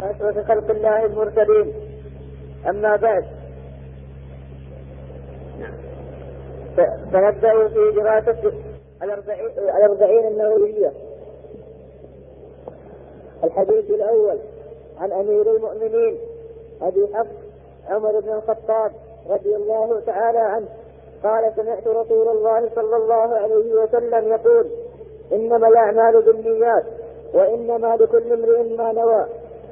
وأشرف خلق الله المرسلين أما بعد فنبدأ في دراسة الأربعين النووية الحديث الأول عن أمير المؤمنين أبي حفص عمر بن الخطاب رضي الله تعالى عنه قال سمعت رسول الله صلى الله عليه وسلم يقول إنما الأعمال بالنيات وإنما لكل امرئ ما نوى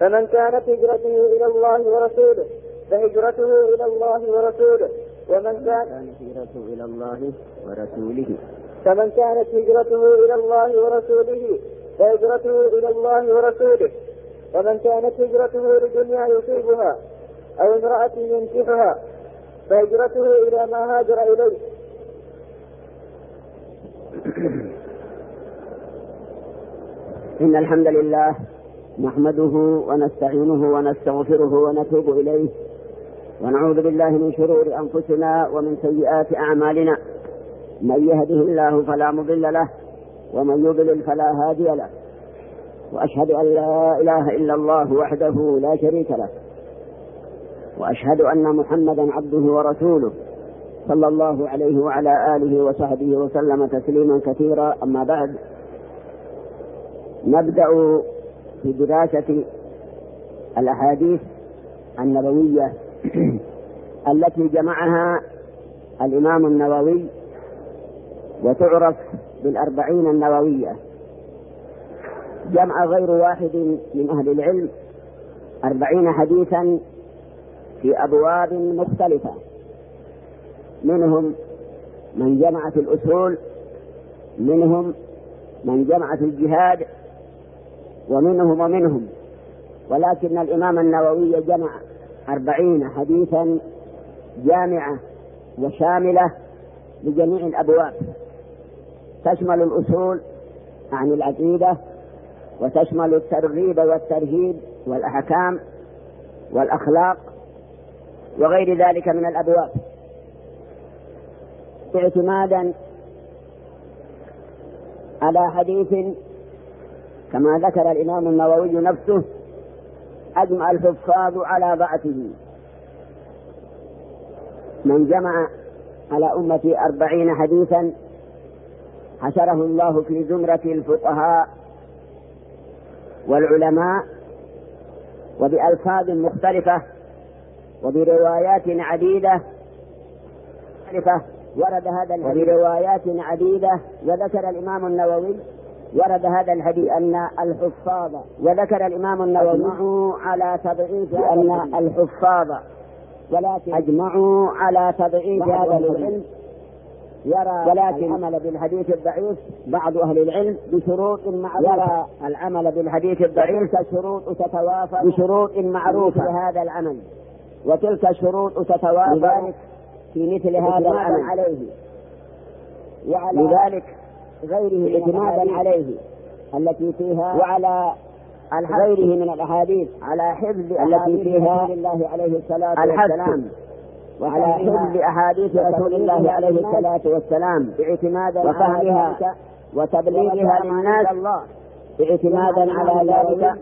فمن كانت هجرته إلى الله ورسوله فهجرته إلى الله ورسوله ومن كان هجرته إلى الله ورسوله فمن كانت هجرته إلى الله ورسوله فهجرته إلى الله ورسوله ومن كانت هجرته لدنيا يصيبها أو امرأة ينكحها فهجرته إلى ما هاجر إليه إن الحمد لله نحمده ونستعينه ونستغفره ونتوب إليه ونعوذ بالله من شرور أنفسنا ومن سيئات أعمالنا من يهده الله فلا مضل له ومن يضلل فلا هادي له وأشهد أن لا إله إلا الله وحده لا شريك له وأشهد أن محمدا عبده ورسوله صلى الله عليه وعلى آله وصحبه وسلم تسليما كثيرا أما بعد نبدأ في دراسة الأحاديث النبوية التي جمعها الإمام النووي وتعرف بالأربعين النووية جمع غير واحد من أهل العلم أربعين حديثا في أبواب مختلفة منهم من جمع في الأصول منهم من جمع في الجهاد ومنهم ومنهم ولكن الإمام النووي جمع أربعين حديثا جامعة وشاملة لجميع الأبواب تشمل الأصول عن العقيدة وتشمل الترغيب والترهيب والأحكام والأخلاق وغير ذلك من الأبواب اعتمادا على حديث كما ذكر الإمام النووي نفسه أجمع الحفاظ على ضعفه من جمع على أمتي أربعين حديثا حشره الله في زمرة الفقهاء والعلماء وبألفاظ مختلفة وبروايات عديدة مختلفة ورد هذا وبروايات عديدة وذكر الإمام النووي ورد هذا الحديث أن الحفاظ وذكر الإمام النووي أجمعوا على تضعيف أن الحفاظ ولكن أجمعوا على تضعيف هذا العلم يرى ولكن العمل بالحديث الضعيف بعض أهل العلم بشروط معروفة يرى العمل بالحديث الضعيف شروط تتوافر بشروط معروفة هذا العمل وتلك الشروط تتوافر في مثل هذا العمل عليه وعلى لذلك غيره إجمالا عليه التي فيها وعلى غيره من الأحاديث على حفظ التي فيها الله عليه الصلاة والسلام وعلى حفظ أحاديث رسول الله عليه الصلاة والسلام باعتمادا وفهمها وتبليغها للناس اعتمادا على ذلك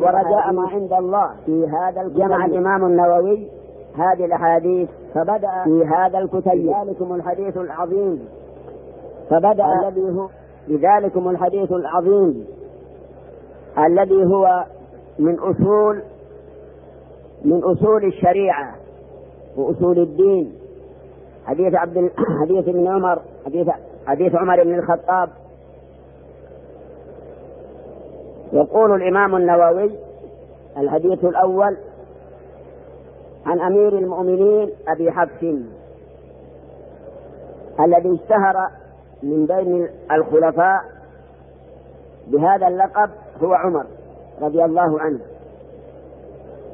ورجاء ما عند الله في هذا الكتب جمع الإمام النووي هذه الأحاديث فبدأ في هذا الكتيب ذلكم الحديث العظيم فبدأ الذي هو بذلكم الحديث العظيم الذي هو من أصول من أصول الشريعة وأصول الدين حديث عبد حديث ابن عمر حديث حديث عمر بن الخطاب يقول الإمام النووي الحديث الأول عن أمير المؤمنين أبي حفص الذي اشتهر من بين الخلفاء بهذا اللقب هو عمر رضي الله عنه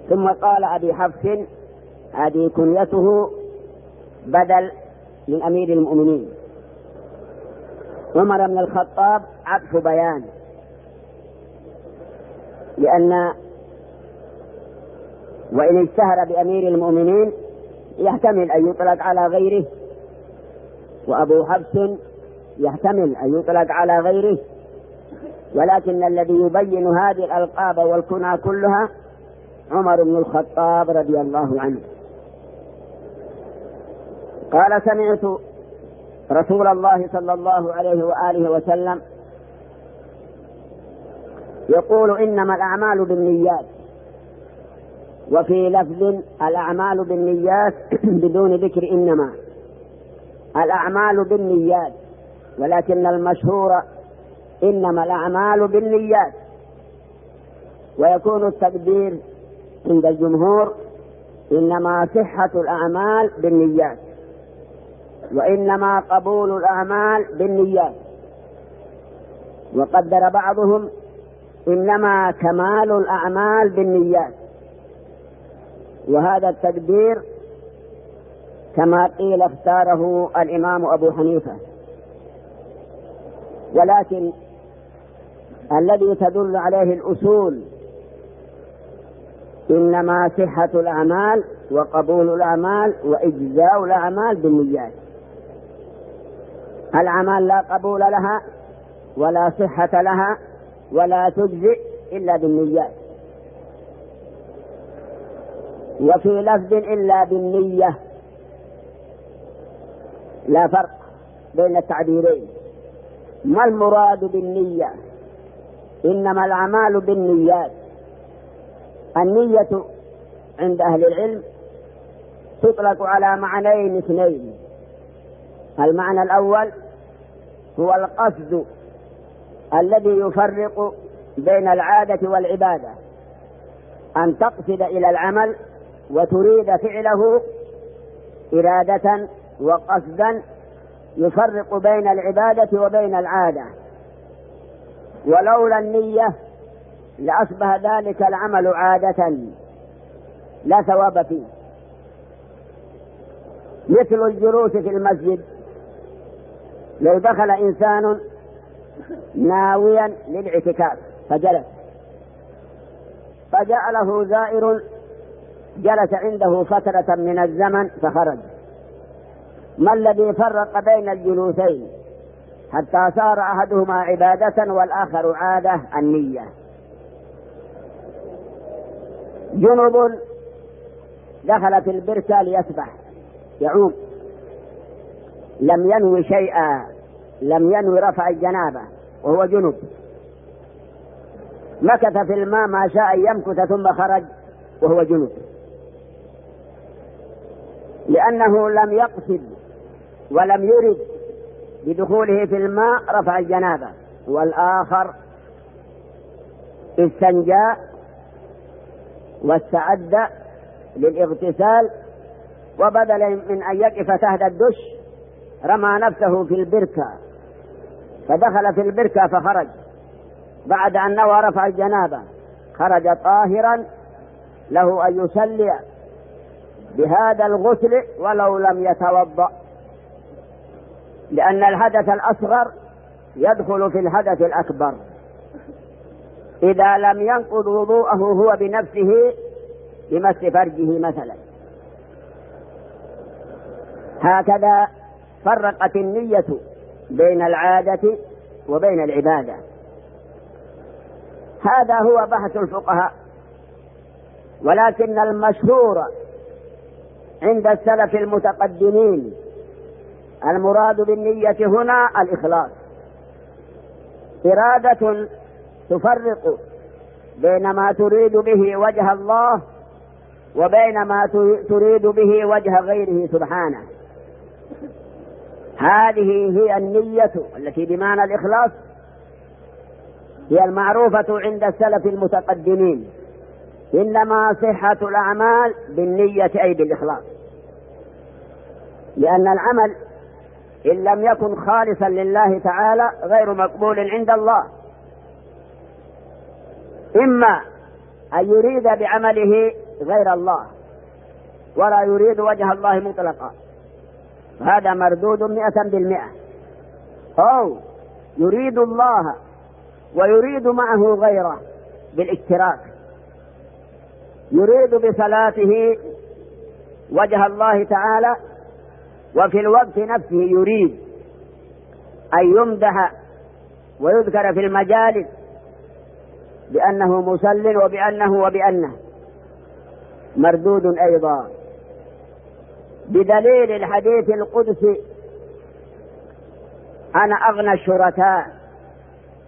ثم قال أبي حفص هذه كنيته بدل من أمير المؤمنين عمر بن الخطاب عطف بيان لأن وإن اشتهر بأمير المؤمنين يحتمل أن يطلق على غيره وأبو حفص يحتمل أن يطلق على غيره ولكن الذي يبين هذه الألقاب والكنى كلها عمر بن الخطاب رضي الله عنه قال سمعت رسول الله صلى الله عليه وآله وسلم يقول إنما الأعمال بالنيات وفي لفظ الأعمال بالنيات بدون ذكر إنما الأعمال بالنيات ولكن المشهور إنما الأعمال بالنيات ويكون التقدير عند الجمهور إنما صحة الأعمال بالنيات وإنما قبول الأعمال بالنيات وقدر بعضهم إنما كمال الأعمال بالنيات وهذا التقدير كما قيل اختاره الإمام أبو حنيفة ولكن الذي تدل عليه الأصول إنما صحة الأعمال وقبول الأعمال وإجزاء الأعمال بالنيات الأعمال لا قبول لها ولا صحة لها ولا تجزئ إلا بالنيات وفي لفظ إلا بالنية لا فرق بين التعبيرين ما المراد بالنية إنما الأعمال بالنيات النية عند أهل العلم تطلق على معنيين اثنين المعنى الأول هو القصد الذي يفرق بين العادة والعبادة أن تقصد إلى العمل وتريد فعله إرادة وقصدا يفرق بين العبادة وبين العادة ولولا النية لأصبح ذلك العمل عادة لا ثواب فيه مثل الجلوس في المسجد لو دخل إنسان ناويا للاعتكاف فجلس فجعله زائر جلس عنده فترة من الزمن فخرج ما الذي فرق بين الجلوسين حتى صار أحدهما عبادة والآخر عادة النية جنب دخل في البركة ليسبح يعوم لم ينوي شيئا لم ينوي رفع الجنابة وهو جنب مكث في الماء ما شاء أن يمكث ثم خرج وهو جنب لأنه لم يقصد ولم يرد بدخوله في الماء رفع الجنابة والآخر استنجى واستعد للاغتسال وبدلا من أن يقف تحت الدش رمى نفسه في البركة فدخل في البركة فخرج بعد أن نوى رفع الجنابة خرج طاهرا له أن يصلي بهذا الغسل ولو لم يتوضأ لأن الحدث الأصغر يدخل في الحدث الأكبر إذا لم ينقض وضوءه هو بنفسه بمس فرجه مثلا هكذا فرقت النية بين العادة وبين العبادة هذا هو بحث الفقهاء ولكن المشهور عند السلف المتقدمين المراد بالنية هنا الإخلاص إرادة تفرق بين ما تريد به وجه الله وبين ما تريد به وجه غيره سبحانه هذه هي النية التي بمعنى الإخلاص هي المعروفة عند السلف المتقدمين إنما صحة الأعمال بالنية أي بالإخلاص لأن العمل إن لم يكن خالصا لله تعالى غير مقبول عند الله إما أن يريد بعمله غير الله ولا يريد وجه الله مطلقا هذا مردود مئة بالمئة أو يريد الله ويريد معه غيره بالاشتراك يريد بصلاته وجه الله تعالى وفي الوقت نفسه يريد أن يمدح ويذكر في المجالس بأنه مسل وبأنه وبأنه مردود أيضا بدليل الحديث القدسي أنا أغنى الشركاء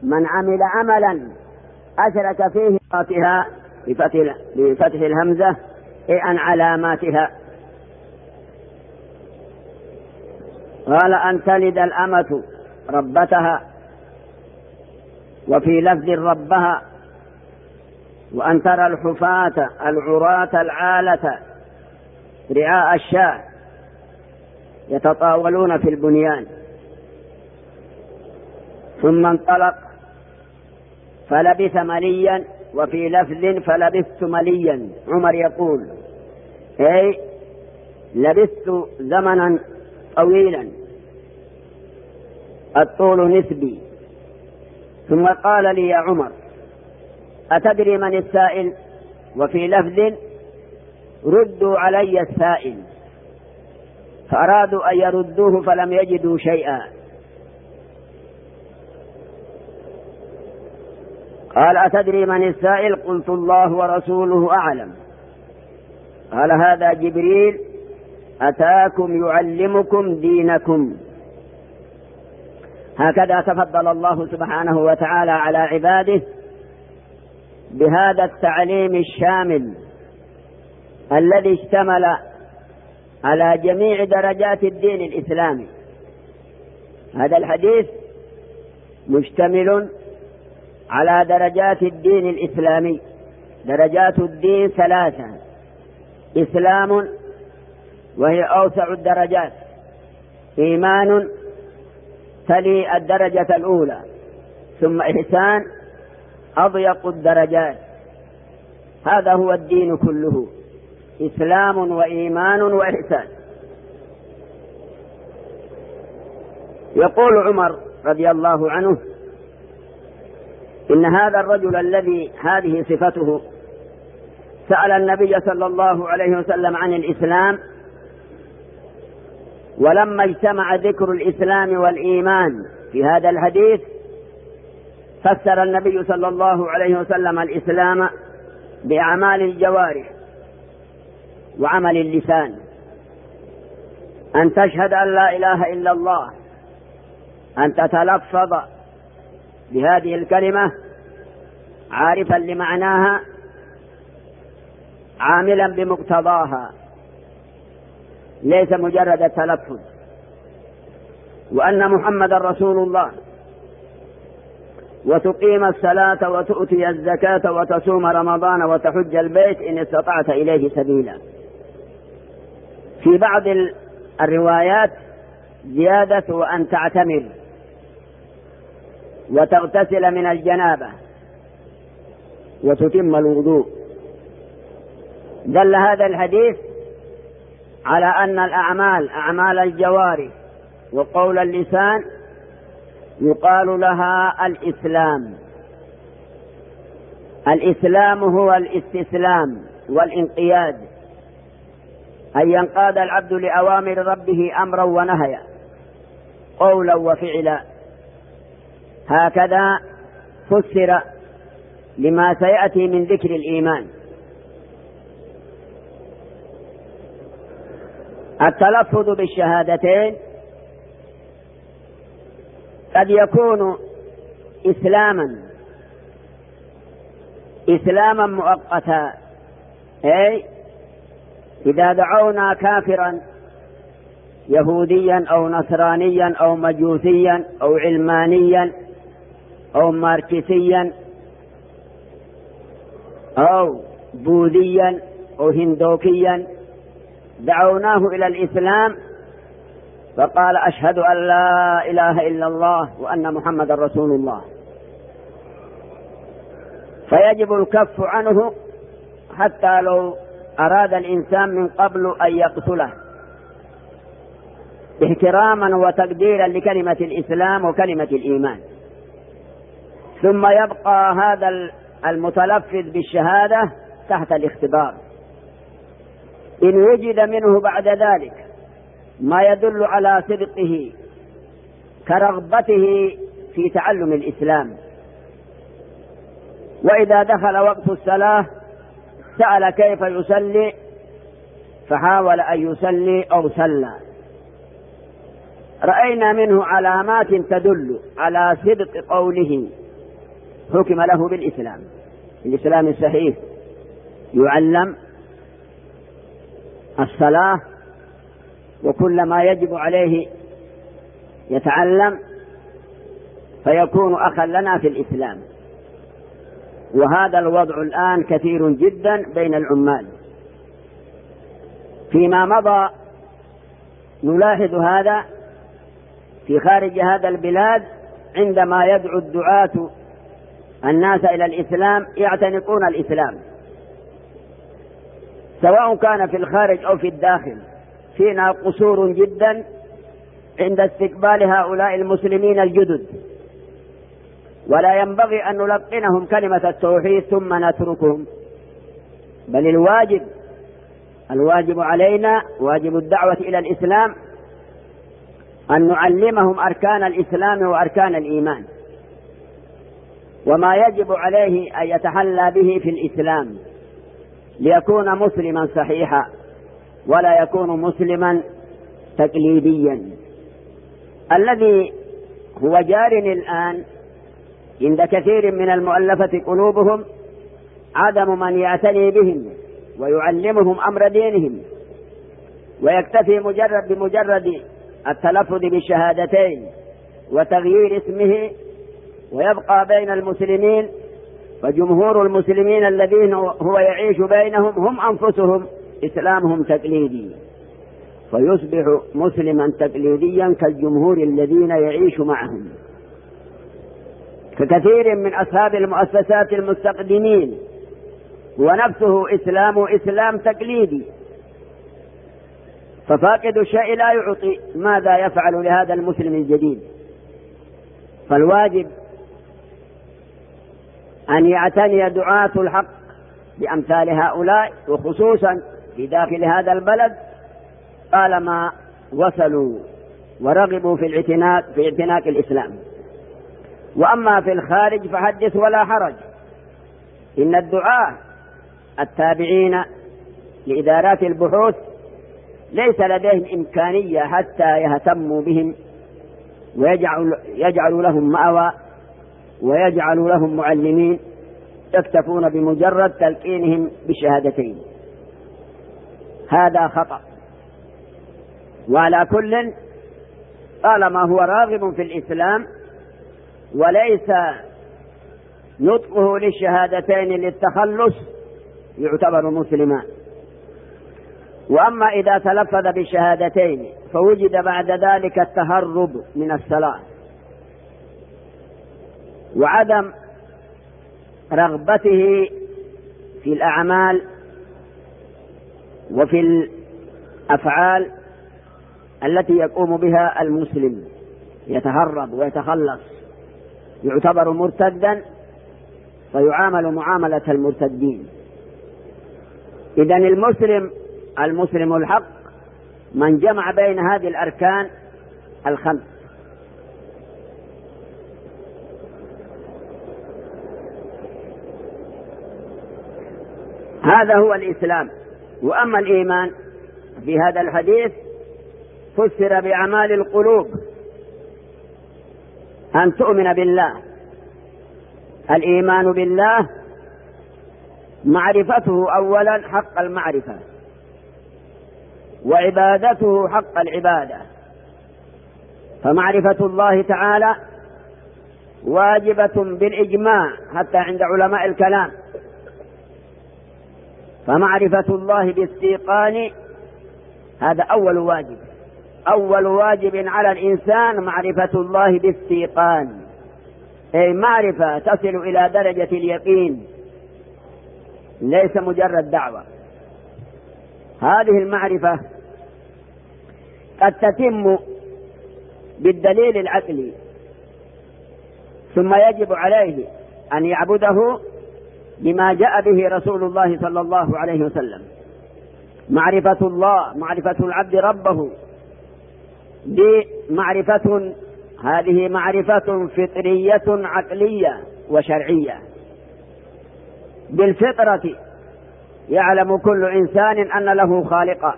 من عمل عملا أشرك فيه بفتح الهمزة إيه عن علاماتها قال أن تلد الأمة ربتها وفي لفظ ربها وأن ترى الحفاة العراة العالة رعاء الشاة يتطاولون في البنيان ثم انطلق فلبث مليا وفي لفظ فلبثت مليا عمر يقول أي لبثت زمنا طويلا الطول نسبي ثم قال لي يا عمر أتدري من السائل وفي لفظ ردوا علي السائل فأرادوا أن يردوه فلم يجدوا شيئا قال أتدري من السائل قلت الله ورسوله أعلم قال هذا جبريل أتاكم يعلمكم دينكم هكذا تفضل الله سبحانه وتعالى على عباده بهذا التعليم الشامل الذي اشتمل على جميع درجات الدين الإسلامي هذا الحديث مشتمل على درجات الدين الإسلامي درجات الدين ثلاثة إسلام وهي أوسع الدرجات إيمان تلي الدرجة الأولى ثم إحسان أضيق الدرجات هذا هو الدين كله إسلام وإيمان وإحسان يقول عمر رضي الله عنه إن هذا الرجل الذي هذه صفته سأل النبي صلى الله عليه وسلم عن الإسلام ولما اجتمع ذكر الإسلام والإيمان في هذا الحديث فسر النبي صلى الله عليه وسلم الإسلام بأعمال الجوارح وعمل اللسان أن تشهد أن لا إله إلا الله أن تتلفظ بهذه الكلمة عارفا لمعناها عاملا بمقتضاها ليس مجرد تلفظ وأن محمد رسول الله وتقيم الصلاة وتؤتي الزكاة وتصوم رمضان وتحج البيت إن استطعت إليه سبيلا في بعض الروايات زيادة أن تعتمر وتغتسل من الجنابة وتتم الوضوء دل هذا الحديث على أن الأعمال أعمال الجوارح وقول اللسان يقال لها الإسلام الإسلام هو الاستسلام والانقياد أن ينقاد العبد لأوامر ربه أمرا ونهيا قولا وفعلا هكذا فسر لما سيأتي من ذكر الإيمان التلفظ بالشهادتين قد يكون إسلاما إسلاما مؤقتا أي إذا دعونا كافرا يهوديا أو نصرانيا أو مجوسيا أو علمانيا أو ماركسيا أو بوذيا أو هندوكيا دعوناه إلى الإسلام فقال أشهد أن لا إله إلا الله وأن محمد رسول الله فيجب الكف عنه حتى لو أراد الإنسان من قبل أن يقتله احتراما وتقديرا لكلمة الإسلام وكلمة الإيمان ثم يبقى هذا المتلفظ بالشهادة تحت الاختبار إن وجد منه بعد ذلك ما يدل على صدقه كرغبته في تعلم الإسلام وإذا دخل وقت الصلاة سأل كيف يصلي فحاول أن يصلي أو صلى رأينا منه علامات تدل على صدق قوله حكم له بالإسلام الإسلام الصحيح يعلم الصلاة وكل ما يجب عليه يتعلم فيكون أخا لنا في الإسلام وهذا الوضع الآن كثير جدا بين العمال فيما مضى نلاحظ هذا في خارج هذا البلاد عندما يدعو الدعاة الناس إلى الإسلام يعتنقون الإسلام سواء كان في الخارج أو في الداخل فينا قصور جدا عند استقبال هؤلاء المسلمين الجدد ولا ينبغي أن نلقنهم كلمة التوحيد ثم نتركهم بل الواجب الواجب علينا واجب الدعوة إلى الإسلام أن نعلمهم أركان الإسلام وأركان الإيمان وما يجب عليه أن يتحلى به في الإسلام ليكون مسلما صحيحا ولا يكون مسلما تقليديا الذي هو جار الآن عند كثير من المؤلفة قلوبهم عدم من يعتني بهم ويعلمهم أمر دينهم ويكتفي مجرد بمجرد التلفظ بالشهادتين وتغيير اسمه ويبقى بين المسلمين فجمهور المسلمين الذين هو يعيش بينهم هم أنفسهم إسلامهم تقليدي فيصبح مسلما تقليديا كالجمهور الذين يعيش معهم ككثير من أصحاب المؤسسات المستقدمين ونفسه إسلام إسلام تقليدي ففاقد الشيء لا يعطي ماذا يفعل لهذا المسلم الجديد فالواجب أن يعتني دعاة الحق بأمثال هؤلاء وخصوصا في داخل هذا البلد طالما وصلوا ورغبوا في الاعتناق في اعتناق الإسلام وأما في الخارج فحدث ولا حرج إن الدعاة التابعين لإدارات البحوث ليس لديهم إمكانية حتى يهتموا بهم ويجعلوا يجعلوا لهم مأوى ويجعل لهم معلمين يكتفون بمجرد تلقينهم بالشهادتين هذا خطأ وعلى كل طالما هو راغب في الإسلام وليس نطقه للشهادتين للتخلص يعتبر مسلما واما اذا تلفظ بالشهادتين فوجد بعد ذلك التهرب من الصلاه وعدم رغبته في الأعمال وفي الأفعال التي يقوم بها المسلم يتهرب ويتخلص يعتبر مرتدا فيعامل معاملة المرتدين إذا المسلم المسلم الحق من جمع بين هذه الأركان الخمس هذا هو الإسلام وأما الإيمان في هذا الحديث فسر بأعمال القلوب أن تؤمن بالله الإيمان بالله معرفته أولا حق المعرفة وعبادته حق العبادة فمعرفة الله تعالى واجبة بالإجماع حتى عند علماء الكلام فمعرفة الله باستيقان هذا أول واجب أول واجب على الإنسان معرفة الله باستيقان أي معرفة تصل إلى درجة اليقين ليس مجرد دعوة هذه المعرفة قد تتم بالدليل العقلي ثم يجب عليه أن يعبده بما جاء به رسول الله صلى الله عليه وسلم معرفة الله معرفة العبد ربه بمعرفة هذه معرفة فطرية عقلية وشرعية بالفطرة يعلم كل إنسان أن له خالقا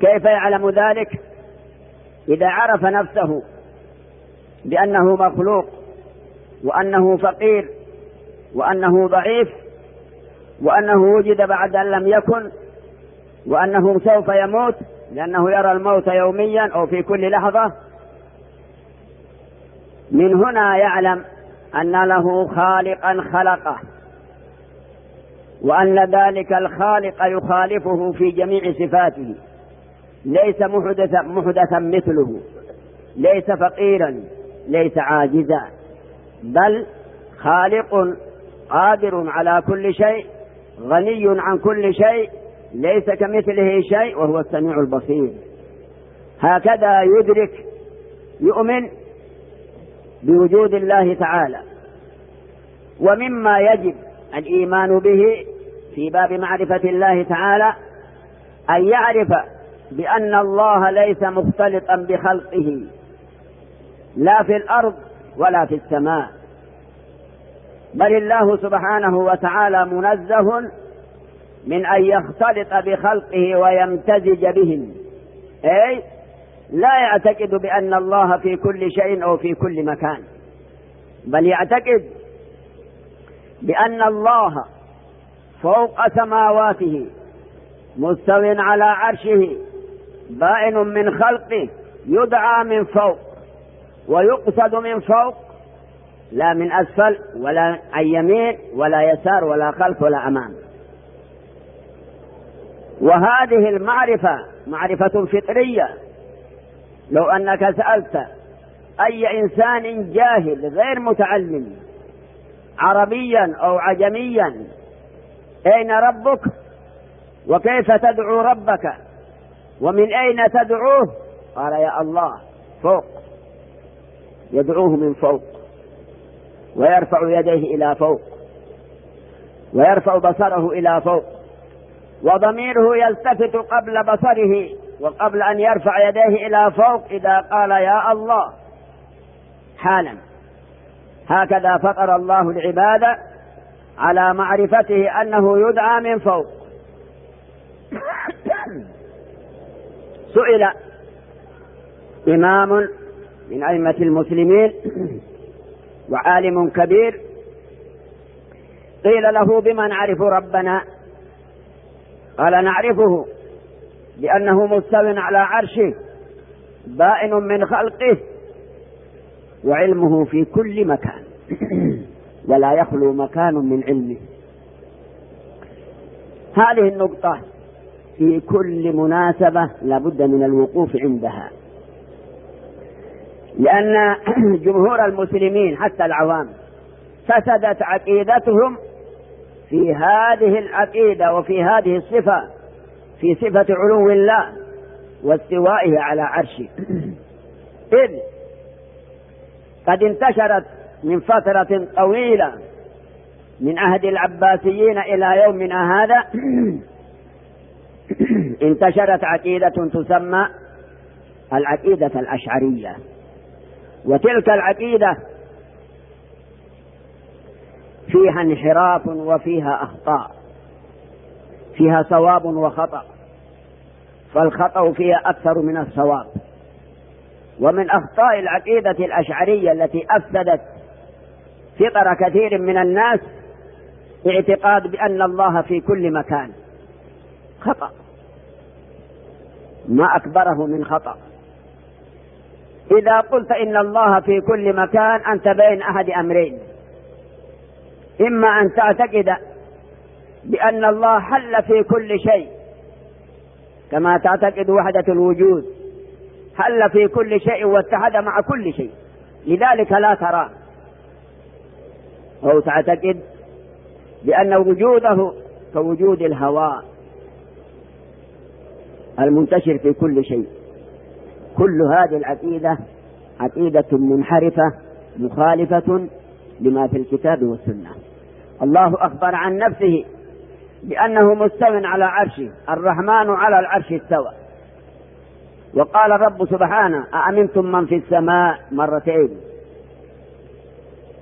كيف يعلم ذلك إذا عرف نفسه بأنه مخلوق وأنه فقير وأنه ضعيف وأنه وجد بعد أن لم يكن وأنه سوف يموت لأنه يرى الموت يوميا أو في كل لحظة من هنا يعلم أن له خالقا خلقه وأن ذلك الخالق يخالفه في جميع صفاته ليس محدثا محدثا مثله ليس فقيرا ليس عاجزا بل خالق قادر على كل شيء غني عن كل شيء ليس كمثله شيء وهو السميع البصير هكذا يدرك يؤمن بوجود الله تعالى ومما يجب الايمان به في باب معرفه الله تعالى ان يعرف بان الله ليس مختلطا بخلقه لا في الارض ولا في السماء بل الله سبحانه وتعالى منزه من أن يختلط بخلقه ويمتزج بهم أي لا يعتقد بأن الله في كل شيء أو في كل مكان بل يعتقد بأن الله فوق سماواته مستو على عرشه بائن من خلقه يدعى من فوق ويقصد من فوق لا من أسفل ولا عن يمين ولا يسار ولا خلف ولا أمام وهذه المعرفة معرفة فطرية لو أنك سألت أي إنسان جاهل غير متعلم عربيا أو عجميا أين ربك وكيف تدعو ربك ومن أين تدعوه قال يا الله فوق يدعوه من فوق ويرفع يديه إلى فوق ويرفع بصره إلى فوق وضميره يلتفت قبل بصره وقبل أن يرفع يديه إلى فوق إذا قال يا الله حالا هكذا فطر الله العباد على معرفته أنه يدعى من فوق سئل إمام من أئمة المسلمين وعالم كبير قيل له بما نعرف ربنا قال نعرفه لأنه مستو على عرشه بائن من خلقه وعلمه في كل مكان ولا يخلو مكان من علمه هذه النقطة في كل مناسبة لابد من الوقوف عندها لأن جمهور المسلمين حتى العوام فسدت عقيدتهم في هذه العقيدة وفي هذه الصفة في صفة علو الله واستوائه على عرشه إذ قد انتشرت من فترة طويلة من عهد العباسيين إلى يومنا هذا انتشرت عقيدة تسمى العقيدة الأشعرية وتلك العقيدة فيها انحراف وفيها أخطاء فيها صواب وخطأ فالخطأ فيها أكثر من الصواب ومن أخطاء العقيدة الأشعرية التي أفسدت فطر كثير من الناس اعتقاد بأن الله في كل مكان خطأ ما أكبره من خطأ إذا قلت إن الله في كل مكان أنت بين أحد أمرين إما أن تعتقد بأن الله حل في كل شيء كما تعتقد وحدة الوجود حل في كل شيء واتحد مع كل شيء لذلك لا تراه أو تعتقد بأن وجوده كوجود الهواء المنتشر في كل شيء كل هذه العقيدة عقيدة منحرفة مخالفة لما في الكتاب والسنة الله أخبر عن نفسه بأنه مستو على عرشه الرحمن على العرش استوى وقال الرب سبحانه أأمنتم من في السماء مرتين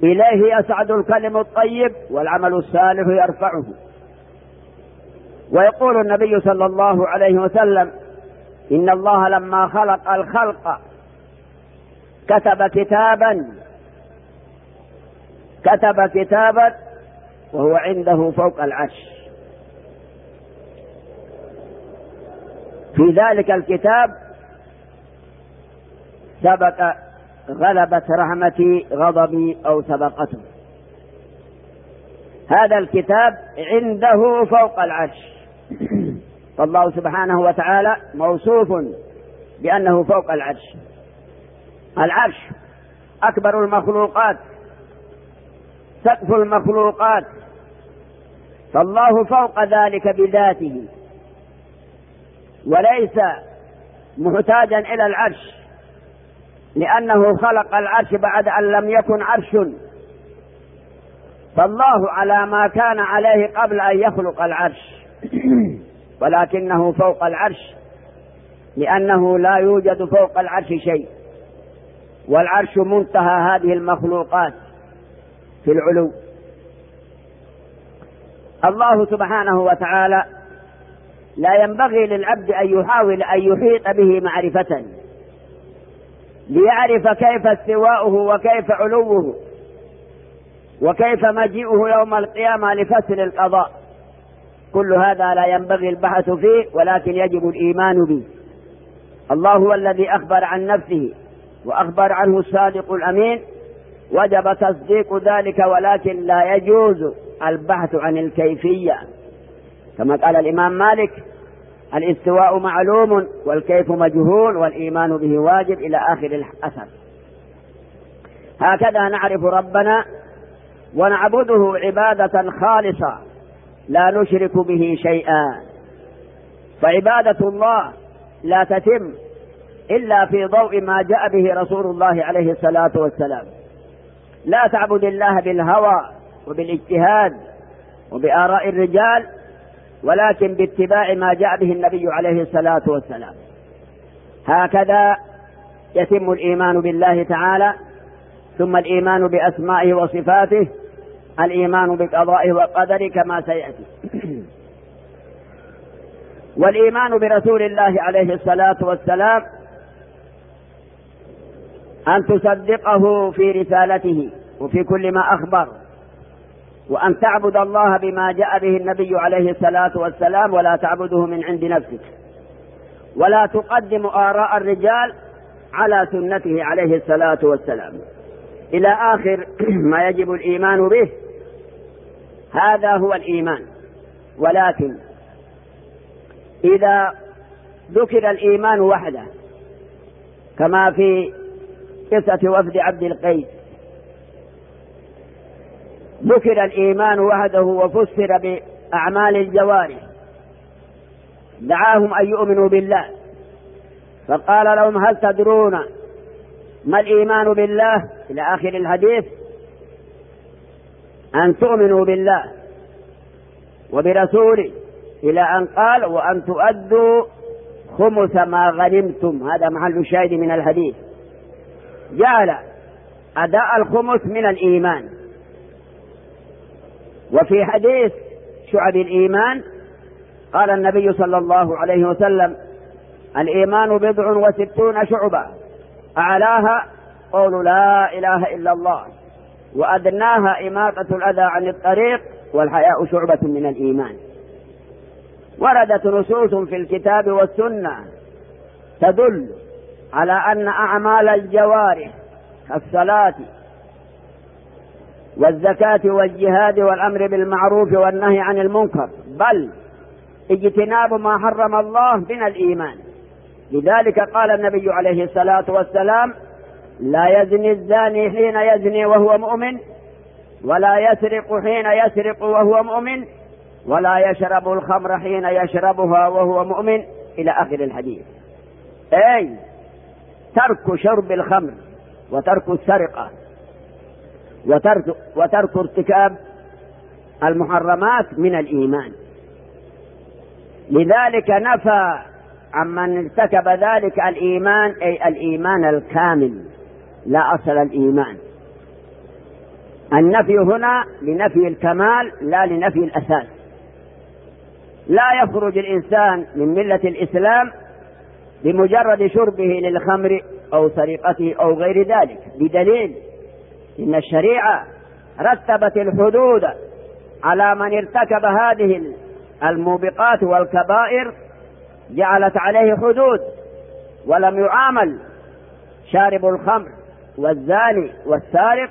إليه يسعد الكلم الطيب والعمل الصالح يرفعه ويقول النبي صلى الله عليه وسلم إن الله لما خلق الخلق كتب كتابا كتب كتابا وهو عنده فوق العرش في ذلك الكتاب سبق غلبت رحمتي غضبي أو سبقته هذا الكتاب عنده فوق العرش فالله سبحانه وتعالى موصوف بأنه فوق العرش العرش أكبر المخلوقات سقف المخلوقات فالله فوق ذلك بذاته وليس محتاجا إلى العرش لأنه خلق العرش بعد أن لم يكن عرش فالله على ما كان عليه قبل أن يخلق العرش ولكنه فوق العرش لأنه لا يوجد فوق العرش شيء والعرش منتهى هذه المخلوقات في العلو الله سبحانه وتعالى لا ينبغي للعبد أن يحاول أن يحيط به معرفة ليعرف كيف استواؤه وكيف علوه وكيف مجيئه يوم القيامة لفصل القضاء كل هذا لا ينبغي البحث فيه ولكن يجب الإيمان به الله هو الذي أخبر عن نفسه وأخبر عنه الصادق الأمين وجب تصديق ذلك ولكن لا يجوز البحث عن الكيفية كما قال الإمام مالك الاستواء معلوم والكيف مجهول والإيمان به واجب إلى آخر الأثر هكذا نعرف ربنا ونعبده عبادة خالصة لا نشرك به شيئا فعبادة الله لا تتم إلا في ضوء ما جاء به رسول الله عليه الصلاة والسلام لا تعبد الله بالهوى وبالاجتهاد وبآراء الرجال ولكن باتباع ما جاء به النبي عليه الصلاة والسلام هكذا يتم الإيمان بالله تعالى ثم الإيمان بأسمائه وصفاته الإيمان بقضائه وقدره كما سيأتي والإيمان برسول الله عليه الصلاة والسلام أن تصدقه في رسالته وفي كل ما أخبر وأن تعبد الله بما جاء به النبي عليه الصلاة والسلام ولا تعبده من عند نفسك ولا تقدم آراء الرجال على سنته عليه الصلاة والسلام إلى آخر ما يجب الإيمان به هذا هو الإيمان ولكن إذا ذكر الإيمان وحده كما في قصة وفد عبد القيس ذكر الإيمان وحده وفسر بأعمال الجوارح دعاهم أن يؤمنوا بالله فقال لهم هل تدرون ما الإيمان بالله إلى آخر الحديث أن تؤمنوا بالله وبرسوله إلى أن قال وأن تؤدوا خمس ما غنمتم هذا محل الشاهد من الحديث جعل أداء الخمس من الإيمان وفي حديث شعب الإيمان قال النبي صلى الله عليه وسلم الإيمان بضع وستون شعبة أعلاها قول لا إله إلا الله وأدناها إماطة الأذى عن الطريق والحياء شعبة من الإيمان وردت نصوص في الكتاب والسنة تدل على أن أعمال الجوارح كالصلاة والزكاة والجهاد والأمر بالمعروف والنهي عن المنكر بل اجتناب ما حرم الله من الإيمان لذلك قال النبي عليه الصلاة والسلام لا يزني الزاني حين يزني وهو مؤمن ولا يسرق حين يسرق وهو مؤمن ولا يشرب الخمر حين يشربها وهو مؤمن إلى آخر الحديث أي ترك شرب الخمر وترك السرقة وترك, وترك ارتكاب المحرمات من الإيمان لذلك نفى عمن ارتكب ذلك الإيمان أي الإيمان الكامل لا أصل الإيمان النفي هنا لنفي الكمال لا لنفي الأساس لا يخرج الإنسان من ملة الإسلام بمجرد شربه للخمر أو سرقته أو غير ذلك بدليل إن الشريعة رتبت الحدود على من ارتكب هذه الموبقات والكبائر جعلت عليه حدود ولم يعامل شارب الخمر والزاني والسارق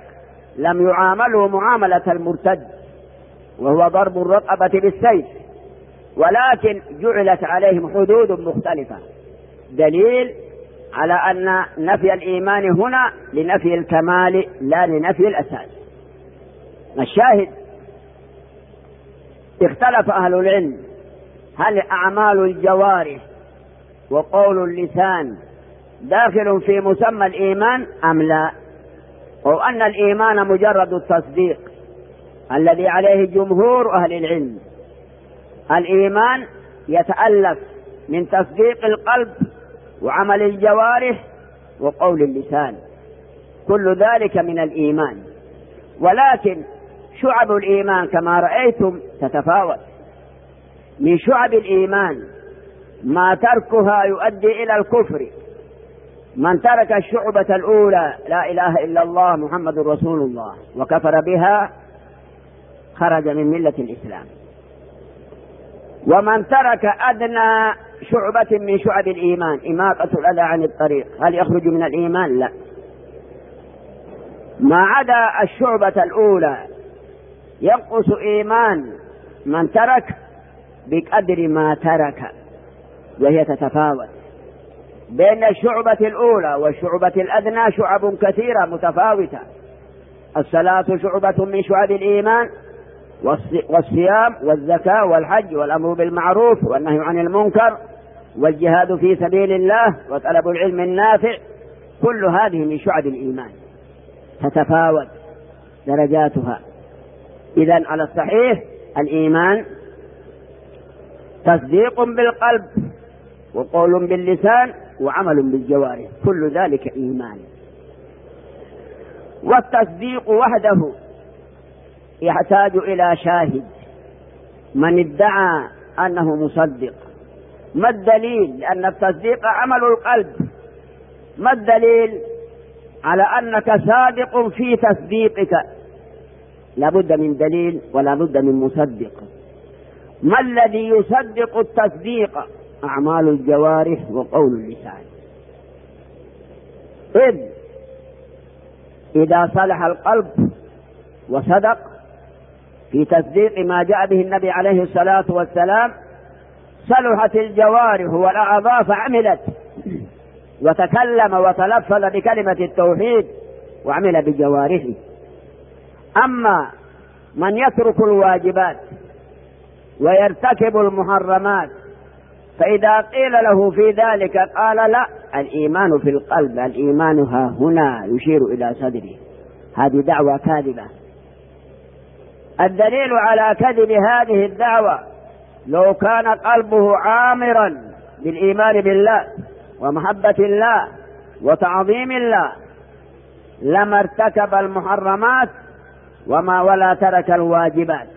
لم يعامله معاملة المرتد وهو ضرب الرقبة بالسيف ولكن جعلت عليهم حدود مختلفة دليل على أن نفي الإيمان هنا لنفي الكمال لا لنفي الأساس الشاهد اختلف أهل العلم هل أعمال الجوارح وقول اللسان داخل في مسمى الإيمان أم لا أو أن الإيمان مجرد التصديق الذي عليه جمهور أهل العلم الإيمان يتألف من تصديق القلب وعمل الجوارح وقول اللسان كل ذلك من الإيمان ولكن شعب الإيمان كما رأيتم تتفاوت من شعب الإيمان ما تركها يؤدي إلى الكفر من ترك الشعبة الأولى لا إله إلا الله محمد رسول الله وكفر بها خرج من ملة الإسلام ومن ترك أدنى شعبة من شعب الإيمان إماطة الأذى عن الطريق هل يخرج من الإيمان؟ لا ما عدا الشعبة الأولى ينقص إيمان من ترك بقدر ما ترك وهي تتفاوت بين الشعبة الأولى والشعبة الأدنى شعب كثيرة متفاوتة الصلاة شعبة من شعب الإيمان والصيام والزكاة والحج والأمر بالمعروف والنهي عن المنكر والجهاد في سبيل الله وطلب العلم النافع كل هذه من شعب الإيمان تتفاوت درجاتها إذا على الصحيح الإيمان تصديق بالقلب وقول باللسان وعمل بالجوارح كل ذلك إيمان والتصديق وحده يحتاج إلى شاهد من ادعى أنه مصدق ما الدليل لأن التصديق عمل القلب ما الدليل على أنك صادق في تصديقك لابد من دليل ولا بد من مصدق ما الذي يصدق التصديق أعمال الجوارح وقول اللسان إذ إذا صلح القلب وصدق في تصديق ما جاء به النبي عليه الصلاة والسلام صلحت الجوارح والأعضاء فعملت وتكلم وتلفظ بكلمة التوحيد وعمل بجوارحه أما من يترك الواجبات ويرتكب المحرمات فإذا قيل له في ذلك قال لا الإيمان في القلب الإيمان ها هنا يشير إلى صدره هذه دعوة كاذبة الدليل على كذب هذه الدعوة لو كان قلبه عامرا بالإيمان بالله ومحبة الله وتعظيم الله لما ارتكب المحرمات وما ولا ترك الواجبات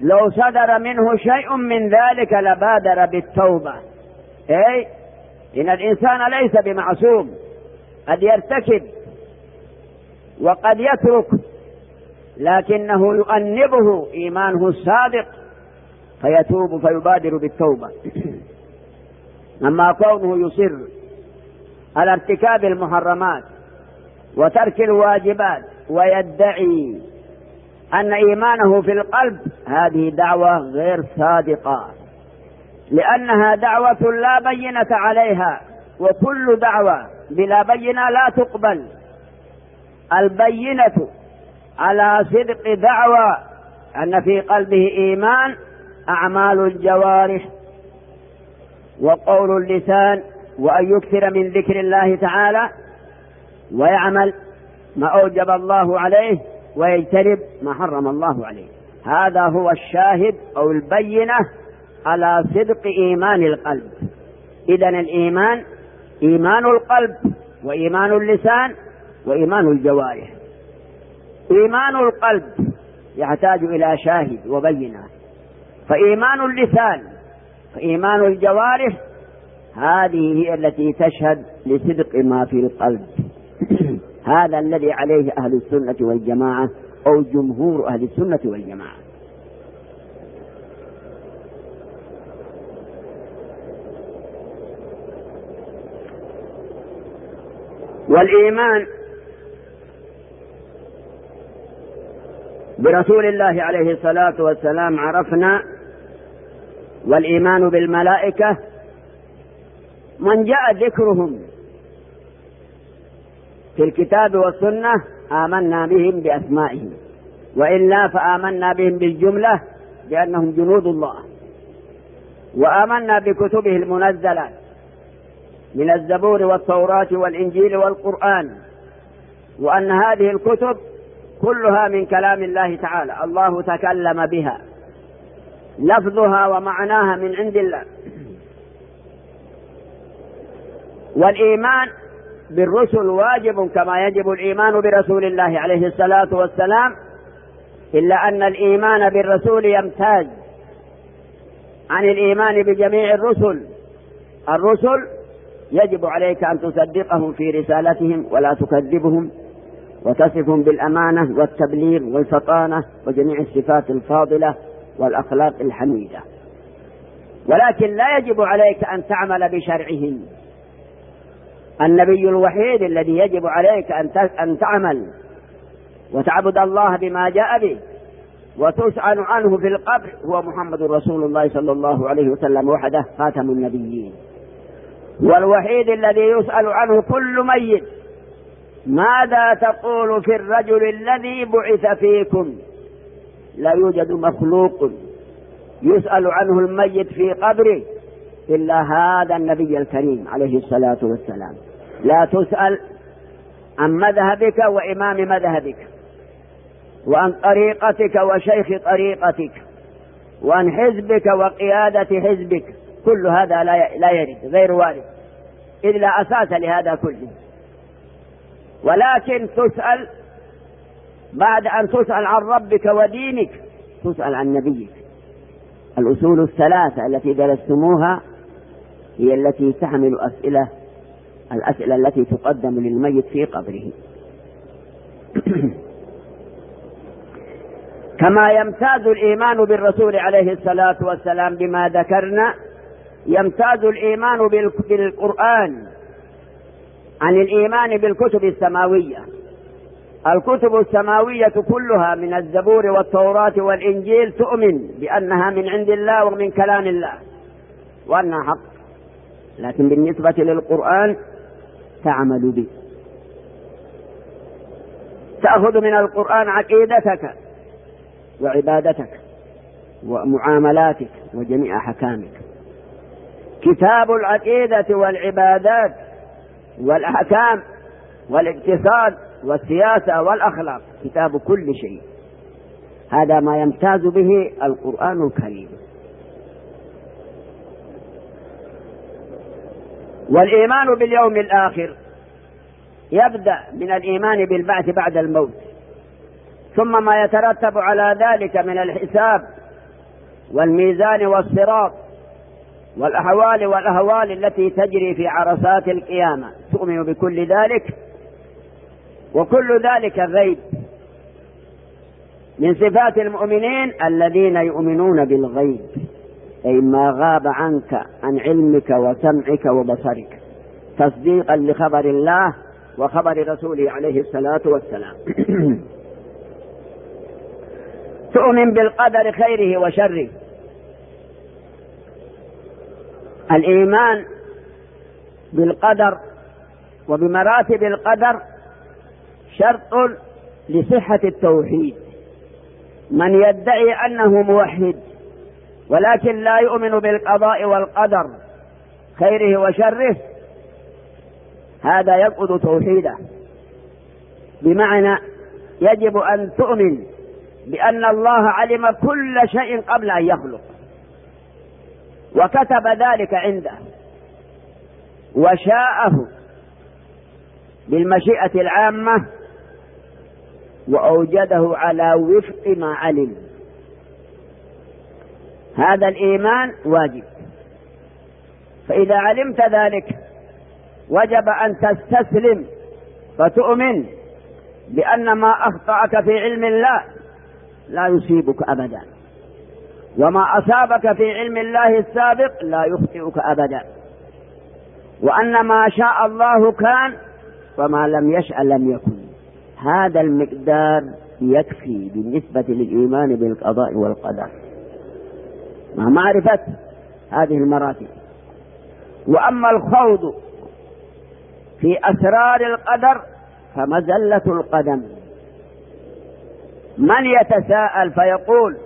لو صدر منه شيء من ذلك لبادر بالتوبة أي إن الإنسان ليس بمعصوم قد يرتكب وقد يترك لكنه يؤنبه إيمانه الصادق فيتوب فيبادر بالتوبة أما كونه يصر على ارتكاب المحرمات وترك الواجبات ويدعي أن إيمانه في القلب هذه دعوة غير صادقة لأنها دعوة لا بينة عليها وكل دعوة بلا بينة لا تقبل البينة على صدق دعوة أن في قلبه إيمان أعمال الجوارح وقول اللسان وأن يكثر من ذكر الله تعالى ويعمل ما أوجب الله عليه ويجتنب ما حرم الله عليه هذا هو الشاهد أو البينة على صدق إيمان القلب إذا الإيمان إيمان القلب وإيمان اللسان وإيمان الجوارح إيمان القلب يحتاج إلى شاهد وبينة فإيمان اللسان فإيمان الجوارح هذه هي التي تشهد لصدق ما في القلب هذا الذي عليه أهل السنة والجماعة أو جمهور أهل السنة والجماعة والإيمان برسول الله عليه الصلاة والسلام عرفنا والإيمان بالملائكة من جاء ذكرهم في الكتاب والسنة آمنا بهم بأسمائهم وإلا فآمنا بهم بالجملة بأنهم جنود الله وآمنا بكتبه المنزلة من الزبور والتوراة والإنجيل والقرآن وأن هذه الكتب كلها من كلام الله تعالى الله تكلم بها لفظها ومعناها من عند الله والإيمان بالرسل واجب كما يجب الايمان برسول الله عليه الصلاه والسلام الا ان الايمان بالرسول يمتاز عن الايمان بجميع الرسل الرسل يجب عليك ان تصدقهم في رسالتهم ولا تكذبهم وتصفهم بالامانه والتبليغ والفطانه وجميع الصفات الفاضله والاخلاق الحميده ولكن لا يجب عليك ان تعمل بشرعهم النبي الوحيد الذي يجب عليك أن تعمل وتعبد الله بما جاء به وتسأل عنه في القبر هو محمد رسول الله صلى الله عليه وسلم وحده خاتم النبيين والوحيد الذي يسأل عنه كل ميت ماذا تقول في الرجل الذي بعث فيكم لا يوجد مخلوق يسأل عنه الميت في قبره إلا هذا النبي الكريم عليه الصلاة والسلام لا تسأل عن مذهبك وإمام مذهبك وعن طريقتك وشيخ طريقتك وعن حزبك وقيادة حزبك كل هذا لا لا يرد غير وارد إذ لا أساس لهذا كله ولكن تسأل بعد أن تسأل عن ربك ودينك تسأل عن نبيك الأصول الثلاثة التي درستموها هي التي تحمل أسئلة الأسئلة التي تقدم للميت في قبره كما يمتاز الإيمان بالرسول عليه الصلاة والسلام بما ذكرنا يمتاز الإيمان بالقرآن عن الإيمان بالكتب السماوية الكتب السماوية كلها من الزبور والتوراة والإنجيل تؤمن بأنها من عند الله ومن كلام الله وأنها حق لكن بالنسبة للقرآن تعمل به تأخذ من القرآن عقيدتك وعبادتك ومعاملاتك وجميع أحكامك كتاب العقيدة والعبادات والأحكام والاقتصاد والسياسة والأخلاق كتاب كل شيء هذا ما يمتاز به القرآن الكريم والايمان باليوم الاخر يبدا من الايمان بالبعث بعد الموت ثم ما يترتب على ذلك من الحساب والميزان والصراط والاحوال والاهوال التي تجري في عرصات القيامه تؤمن بكل ذلك وكل ذلك غيب من صفات المؤمنين الذين يؤمنون بالغيب أي ما غاب عنك عن علمك وسمعك وبصرك تصديقا لخبر الله وخبر رسوله عليه الصلاة والسلام تؤمن بالقدر خيره وشره الإيمان بالقدر وبمراتب القدر شرط لصحة التوحيد من يدعي أنه موحد ولكن لا يؤمن بالقضاء والقدر خيره وشره هذا يفقد توحيده بمعنى يجب ان تؤمن بان الله علم كل شيء قبل ان يخلق وكتب ذلك عنده وشاءه بالمشيئه العامه واوجده على وفق ما علم هذا الإيمان واجب فإذا علمت ذلك وجب أن تستسلم وتؤمن بأن ما أخطأك في علم الله لا يصيبك أبدا وما أصابك في علم الله السابق لا يخطئك أبدا وأن ما شاء الله كان وما لم يشأ لم يكن هذا المقدار يكفي بالنسبة للإيمان بالقضاء والقدر مع معرفة هذه المراتب وأما الخوض في أسرار القدر فمزلة القدم من يتساءل فيقول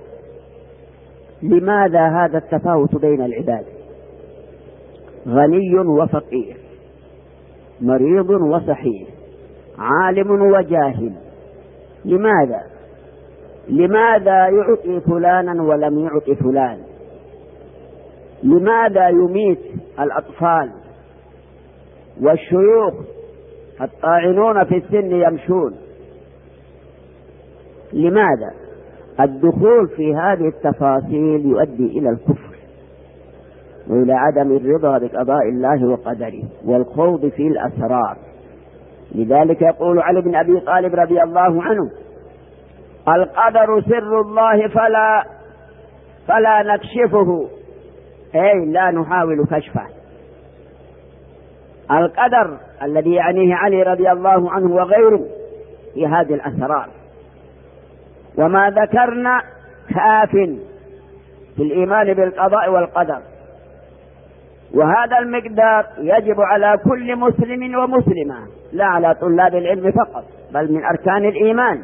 لماذا هذا التفاوت بين العباد غني وفقير مريض وصحيح عالم وجاهل لماذا لماذا يعطي فلانا ولم يعطي فلان لماذا يميت الأطفال والشيوخ الطاعنون في السن يمشون لماذا الدخول في هذه التفاصيل يؤدي إلى الكفر وإلى عدم الرضا بقضاء الله وقدره والخوض في الأسرار لذلك يقول علي بن أبي طالب رضي الله عنه القدر سر الله فلا فلا نكشفه أي لا نحاول كشفه القدر الذي يعنيه علي رضي الله عنه وغيره في هذه الأسرار وما ذكرنا كاف في الإيمان بالقضاء والقدر وهذا المقدار يجب على كل مسلم ومسلمة لا على طلاب العلم فقط بل من أركان الإيمان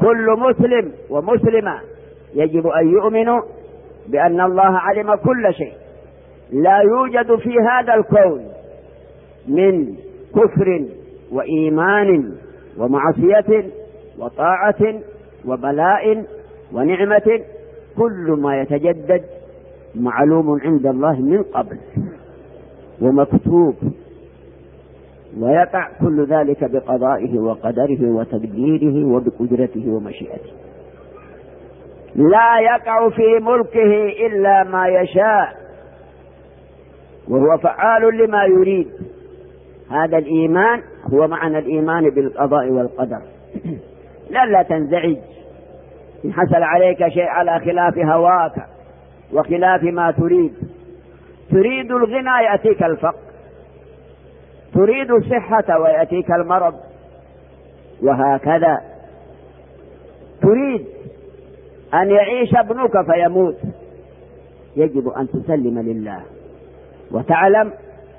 كل مسلم ومسلمة يجب أن يؤمنوا بأن الله علم كل شيء لا يوجد في هذا الكون من كفر وإيمان ومعصية وطاعة وبلاء ونعمة كل ما يتجدد معلوم عند الله من قبل ومكتوب ويقع كل ذلك بقضائه وقدره وتدبيره وبقدرته ومشيئته لا يقع في ملكه إلا ما يشاء وهو فعال لما يريد هذا الإيمان هو معنى الإيمان بالقضاء والقدر لا لا تنزعج إن حصل عليك شيء على خلاف هواك وخلاف ما تريد تريد الغنى يأتيك الفقر تريد الصحة ويأتيك المرض وهكذا تريد أن يعيش ابنك فيموت يجب أن تسلم لله وتعلم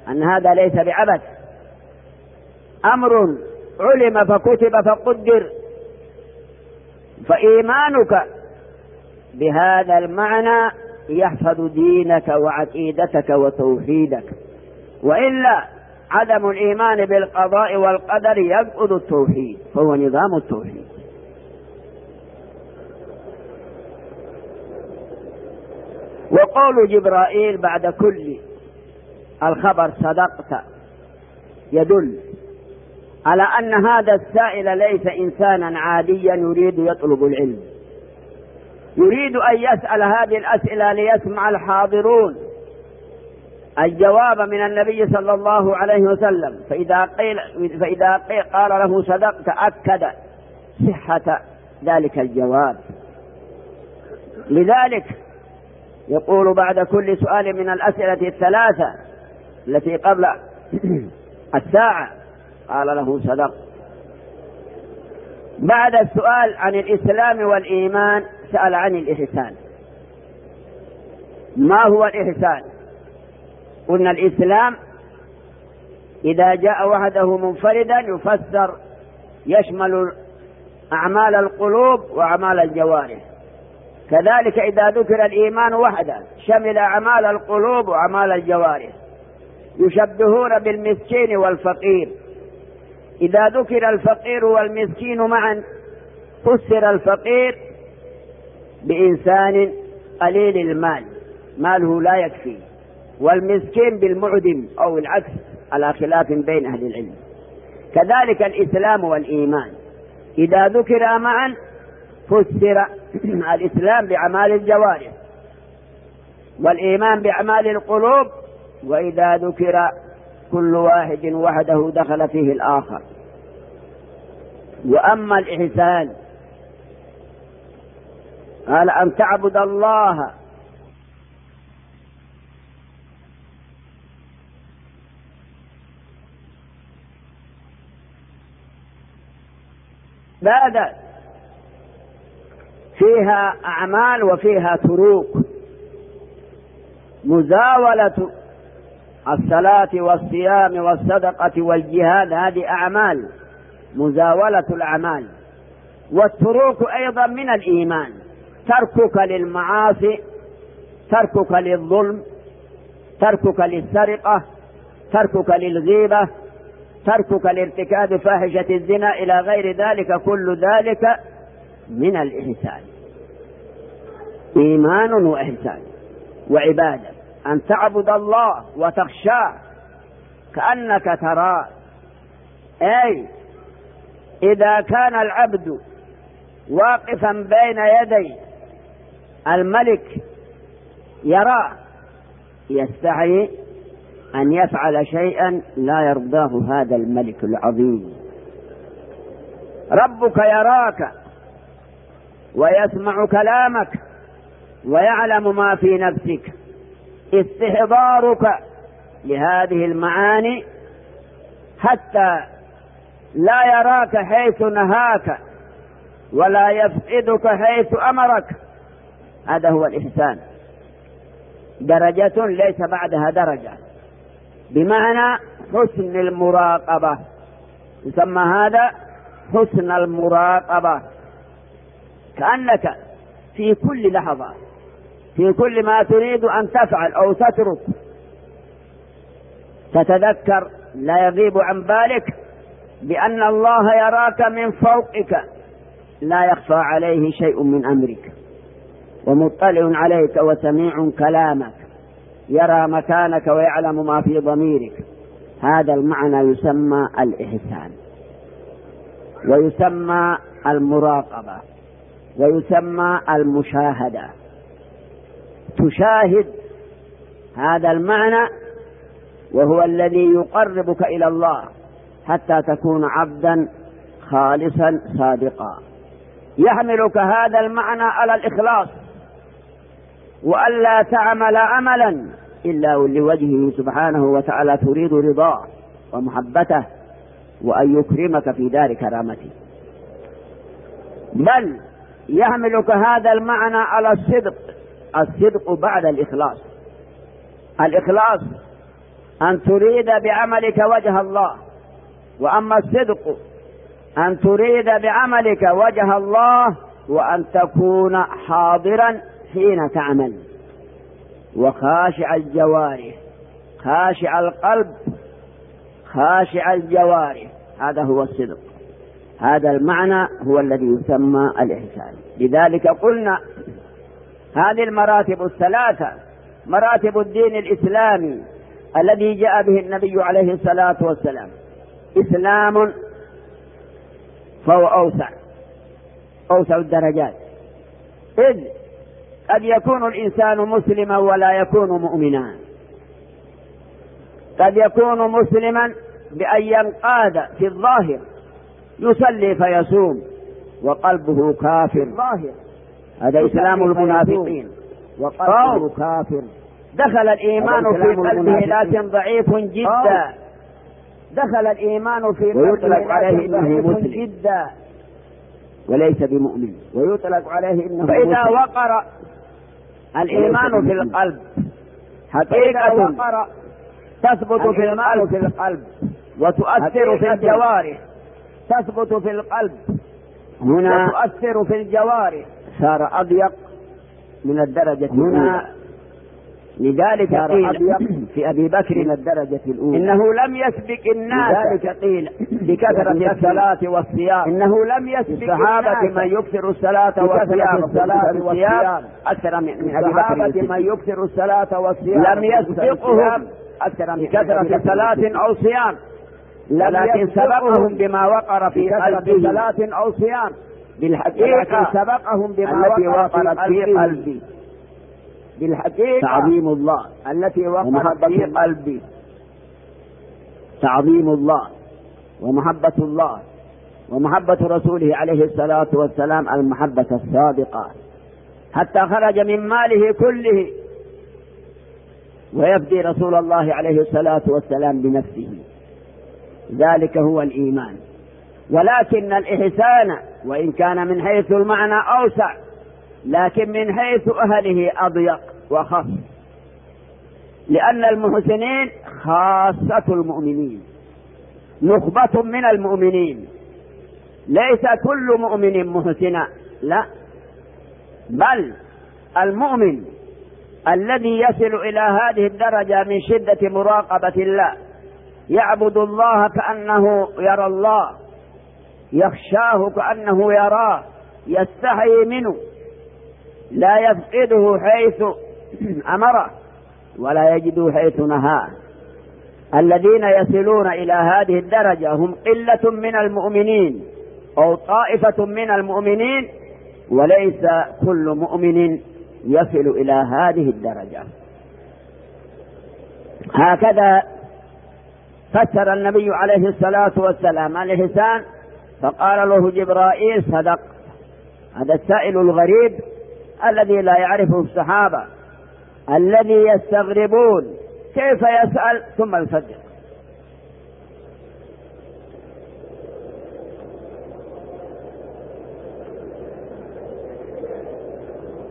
أن هذا ليس بعبث أمر علم فكتب فقدر فإيمانك بهذا المعنى يحفظ دينك وعقيدتك وتوحيدك وإلا عدم الإيمان بالقضاء والقدر يفقد التوحيد فهو نظام التوحيد وقول جبرائيل بعد كل الخبر صدقت يدل على ان هذا السائل ليس انسانا عاديا يريد يطلب العلم يريد ان يسال هذه الاسئله ليسمع الحاضرون الجواب من النبي صلى الله عليه وسلم فاذا قيل فاذا قيل قال له صدقت اكد صحه ذلك الجواب لذلك يقول بعد كل سؤال من الأسئلة الثلاثة التي قبل الساعة قال له صدق بعد السؤال عن الإسلام والإيمان سأل عن الإحسان ما هو الإحسان قلنا الإسلام إذا جاء وحده منفردا يفسر يشمل أعمال القلوب وأعمال الجوارح كذلك إذا ذكر الإيمان وحده شمل أعمال القلوب وأعمال الجوارح يشبهون بالمسكين والفقير إذا ذكر الفقير والمسكين معا فسر الفقير بإنسان قليل المال ماله لا يكفي والمسكين بالمعدم أو العكس على خلاف بين أهل العلم كذلك الإسلام والإيمان إذا ذكر معا فسر الإسلام بأعمال الجوارح والإيمان بأعمال القلوب وإذا ذكر كل واحد وحده دخل فيه الآخر وأما الإحسان قال أن تعبد الله بعد فيها أعمال وفيها تروك مزاولة الصلاة والصيام والصدقة والجهاد هذه أعمال مزاولة الأعمال والتروك أيضا من الإيمان تركك للمعاصي تركك للظلم تركك للسرقة تركك للغيبة تركك لارتكاب فاحشة الزنا إلى غير ذلك كل ذلك من الإحسان إيمان وإحسان وعبادة أن تعبد الله وتخشاه كأنك تراه أي إذا كان العبد واقفا بين يدي الملك يراه يستحي أن يفعل شيئا لا يرضاه هذا الملك العظيم ربك يراك ويسمع كلامك ويعلم ما في نفسك استحضارك لهذه المعاني حتى لا يراك حيث نهاك ولا يفقدك حيث امرك هذا هو الاحسان درجه ليس بعدها درجه بمعنى حسن المراقبه يسمى هذا حسن المراقبه كأنك في كل لحظة في كل ما تريد أن تفعل أو تترك تتذكر لا يغيب عن بالك بأن الله يراك من فوقك لا يخفى عليه شيء من أمرك ومطلع عليك وسميع كلامك يرى مكانك ويعلم ما في ضميرك هذا المعنى يسمى الإحسان ويسمى المراقبة ويسمى المشاهدة تشاهد هذا المعنى وهو الذي يقربك إلى الله حتى تكون عبدا خالصا صادقا يحملك هذا المعنى على الإخلاص وألا تعمل عملا إلا لوجهه سبحانه وتعالى تريد رضاه ومحبته وأن يكرمك في دار كرامته بل يحملك هذا المعنى على الصدق الصدق بعد الإخلاص الإخلاص أن تريد بعملك وجه الله وأما الصدق أن تريد بعملك وجه الله وأن تكون حاضرا حين تعمل وخاشع الجوارح خاشع القلب خاشع الجوارح هذا هو الصدق هذا المعنى هو الذي يسمى الإحسان لذلك قلنا هذه المراتب الثلاثة مراتب الدين الإسلامي الذي جاء به النبي عليه الصلاة والسلام إسلام فهو أوسع أوسع الدرجات إذ قد يكون الإنسان مسلما ولا يكون مؤمنا قد يكون مسلما بأن ينقاد في الظاهر يصلي فيصوم وقلبه كافر ظاهر هذا إسلام المنافقين وقلبه كافر دخل الإيمان في قلبه لكن ضعيف جدا دخل الإيمان في ويطلق عليه إنه مسلم جدا وليس بمؤمن ويطلق عليه إنه فإذا وقر الإيمان في القلب حقيقة تثبت في المال في القلب وتؤثر في الجوارح تثبت في القلب هنا وتؤثر في الجوارح صار أضيق من الدرجة هنا لذلك قيل في أبي بكر من الدرجة الأولى إنه لم يسبق الناس لذلك قيل بكثرة الصلاة والصيام إنه لم يسبق الصحابة من يكثر الصلاة والصيام الصلاة والصيام أكثر من أبي بكر من يكثر الصلاة والصيام لم يسبقهم أكثر من كثرة صلاة أو صيام ولكن سبقهم بما وقر في قلبه صلاة أو صيام بالحقيقة سبقهم بما التي في قلبي بالحقيقة تعظيم الله التي وقر في قلبي تعظيم الله ومحبة الله ومحبة رسوله عليه الصلاة والسلام المحبة الصادقة حتى خرج من ماله كله ويفدي رسول الله عليه الصلاة والسلام بنفسه ذلك هو الإيمان ولكن الإحسان وإن كان من حيث المعنى أوسع لكن من حيث أهله أضيق وخف لأن المحسنين خاصة المؤمنين نخبة من المؤمنين ليس كل مؤمن محسنا لا بل المؤمن الذي يصل إلى هذه الدرجة من شدة مراقبة الله يعبد الله كأنه يرى الله يخشاه كأنه يراه يستحي منه لا يفقده حيث أمره ولا يجد حيث نهاه الذين يصلون إلى هذه الدرجة هم قلة من المؤمنين أو طائفة من المؤمنين وليس كل مؤمن يصل إلى هذه الدرجة هكذا فتر النبي عليه الصلاة والسلام الإحسان فقال له جبرائيل صدق هذا السائل الغريب الذي لا يعرفه الصحابة الذي يستغربون كيف يسأل ثم يصدق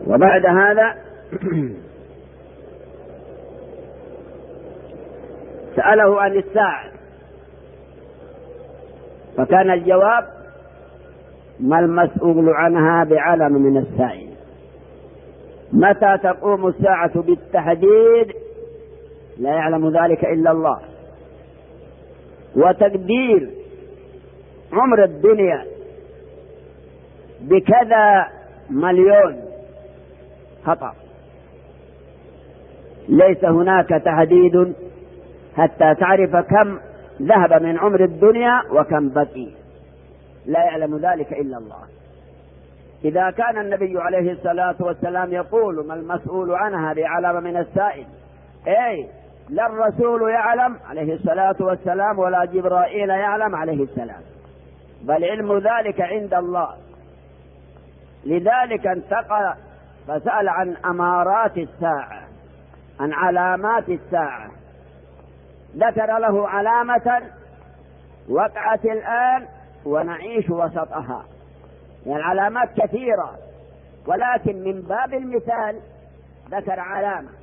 وبعد هذا سأله عن الساعة فكان الجواب ما المسؤول عنها بعلم من السائل متى تقوم الساعة بالتحديد لا يعلم ذلك إلا الله وتقدير عمر الدنيا بكذا مليون خطأ ليس هناك تحديد حتى تعرف كم ذهب من عمر الدنيا وكم بقي لا يعلم ذلك إلا الله إذا كان النبي عليه الصلاة والسلام يقول ما المسؤول عنها بعلم من السائل أي لا الرسول يعلم عليه الصلاة والسلام ولا جبرائيل يعلم عليه السلام بل علم ذلك عند الله لذلك انتقل فسأل عن أمارات الساعة عن علامات الساعة ذكر له علامة وقعت الآن ونعيش وسطها يعني العلامات كثيرة ولكن من باب المثال ذكر علامة